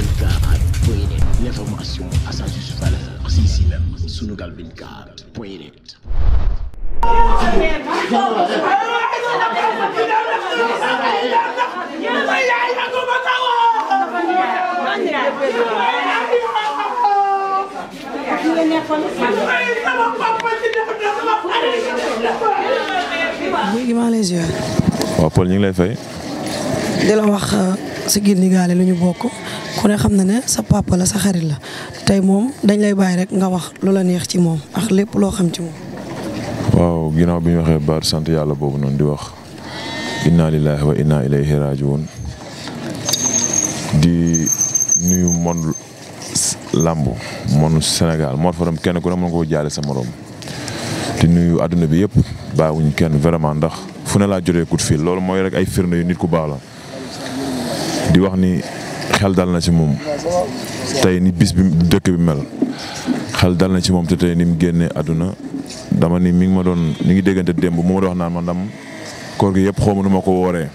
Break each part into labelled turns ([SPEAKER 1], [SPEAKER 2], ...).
[SPEAKER 1] sunugal24 point net l'information à sa juste valeur c'est ici même sunugal24 point net. waaw Paul ñu ngi lay fay. di la wax. Euh, Sigid Ndigalé lu ñu bokk ku xam na ne sa papa sa xarit la tey moom dañ lay bàyyi rek nga wax lu la neex ci moom ak lépp loo xam ci moom. waaw ginaaw bi ñu waxee baat sant yàlla boobu noonu di wax inna lillahi wa inna ilayhi rajiun di nuyu monde làmb monde Sénégal Mor Fadam kenn ku moo mën koo jaale sa morom di nuyu àdduna bi yëpp wuñ kenn vraiment ndax fu ne laa jotee coup de loolu mooy rek ay firnde yu nit ku baax la. di wax ni xel dal na ci moom tey ni bis bi dëkk bi mel xel dal na ci moom te tey ni mu génnee àdduna dama ni mi ngi ma doon ñu ngi déggante démb mu ma doon wax naan man dam koor yëpp xaw ma nu ma ko wooree.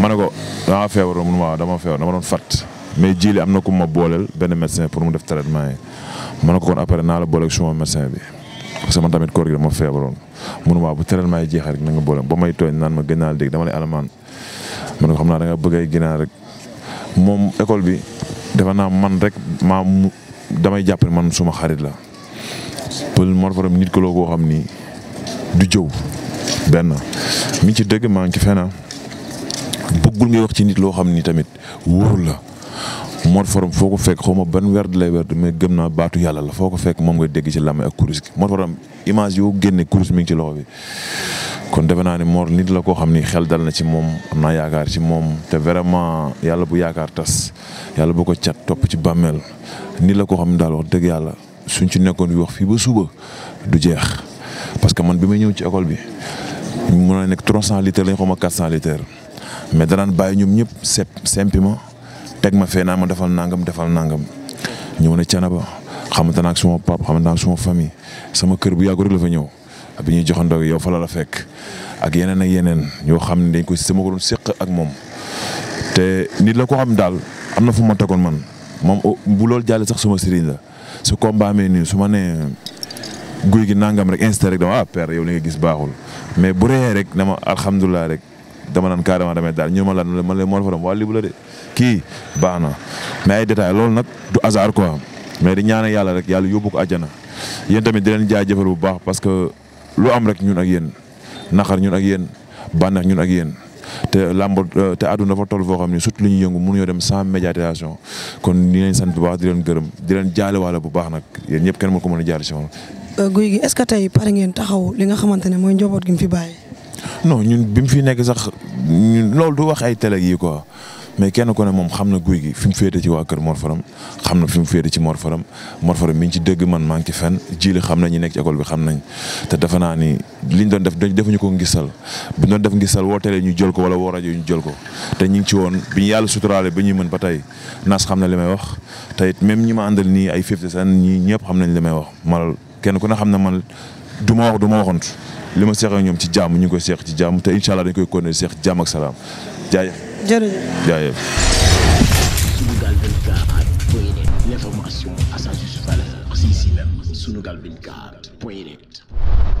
[SPEAKER 1] ma ne ko dama feebar mu waaw dama feebar mais jiile am na ku ma booleel benn médecin pour mu def traitement yi ko kon après naa la booleeg suma tamit koor gi dama feebaroon mënu waaw bu traitement yi jeexee rek na nga boole ba may tooñ naan ma gën naa dégg dama lay alamaan man xam naa da nga bëgg ay ginaar rek moom école bi defe naa man rek maa mu damay jàpp ne man suma xarit la pël Mor Fadam nit ko loo koo xam ni du jëw benn mi ci dëgg maa ngi ci fena bëggul ngay wax ci nit loo xam ni tamit wóorul la Mor Fadam foo ko fekk xaw ma ban werd lay werd mais gëm naa baatu yàlla la foo ko fekk moom ngay dégg ci làmmiñ ak kuris gi Mor Fadam image yoo génne kurus mi ngi ci loxo bi kon defe naa ni moor nit la koo xam ni xel dal na ci moom am naa yaakaar ci moom te vraiment yàlla bu yaakaar tas yàlla bu ko cat topp ci bàmmeel nit la koo xam ne daal wax dëgg yàlla suñ ci nekkoon bi wax fii ba suba du jeex parce que man bi may ñëw ci école bi mën na nekk 300 liter lañ xaw ma 400 litres mais danaan baay ñoom ñëpp sepp sempi ma teg ma fee naa ma defal nangam defal nangam ñëw na Canaba xamante naa ak suma pap xamante naa suma famille sama kër bu yàggu rek la ñëw. bi ñuy joxandoo yow fa la la fekk ak yeneen ak yeneen yoo xam ne dañ ko sama ko doon séq ak moom te nit la ko xam daal am na fu ma tegoon man moom bu lool jàllee sax suma sëriñ la su combat mee nii su ma nee guy gi nangam rek instant rek dama ah père yow gis baaxul mais bu reyee rek dama alhamdulilah rek dama naan carrément damay daal ñu ma lan man leen moo la fa dem waa libu la de kii baax na mais ay détails loolu nag du hasard quoi mais di ñaanal yàlla rek yàlla yóbbu ko àjjana yéen tamit di leen jaajëfal bu baax lu am rek ñun ak yéen naqar ñun ak yéen bànneex ñun ak yéen te làmb euh, te àdduna dafa toll foo xam ne surtout lu ñu yëngu mënuñoo dem sans médiatisation kon ni leen sant bu baax di leen gërëm di leen jaale waale bu baax nag yéen ñëpp kenn mën ko mën a jaale si woon. Euh, guy gi est-ce que tey pare ngeen taxaw li nga xamante ne mooy njaboot gi mu fi bàyyi. non ñun bi mu fi nekk sax loolu du wax ay télé yi quoi mais kenn ku ne moom xam na guy gi fi mu féete ci waa kër Mor Faram xam na fi mu féete ci Mor Faram Mor Faram mi ngi ci dëgg man maa ngi ci fenn jiili xam na ñi nekk ci école bi xam nañ defe naa ni liñ doon def defuñu ko ngisal bu doon def ngisal woo télé ñu jël ko wala woo ñu jël ko te ñu ngi ci woon bi ñu yàlla suturaale ba ñuy mën ba tey naas xam na li may wax te it même ñi ma àndal nii ay fifty cent ñi ñëpp xam nañ li may wax mal kenn ku ne xam na man du ma wax du ma waxantu li ma seex ak ñoom ci jàmm ñu ngi koy seex ci jàmm te incha allah dañ koy continuer seex jàmm ak salaam jërëjëf jaajëf. Sunugal 24 point net l'information à sa juste valeur c'est ici même Sunugal 24 point net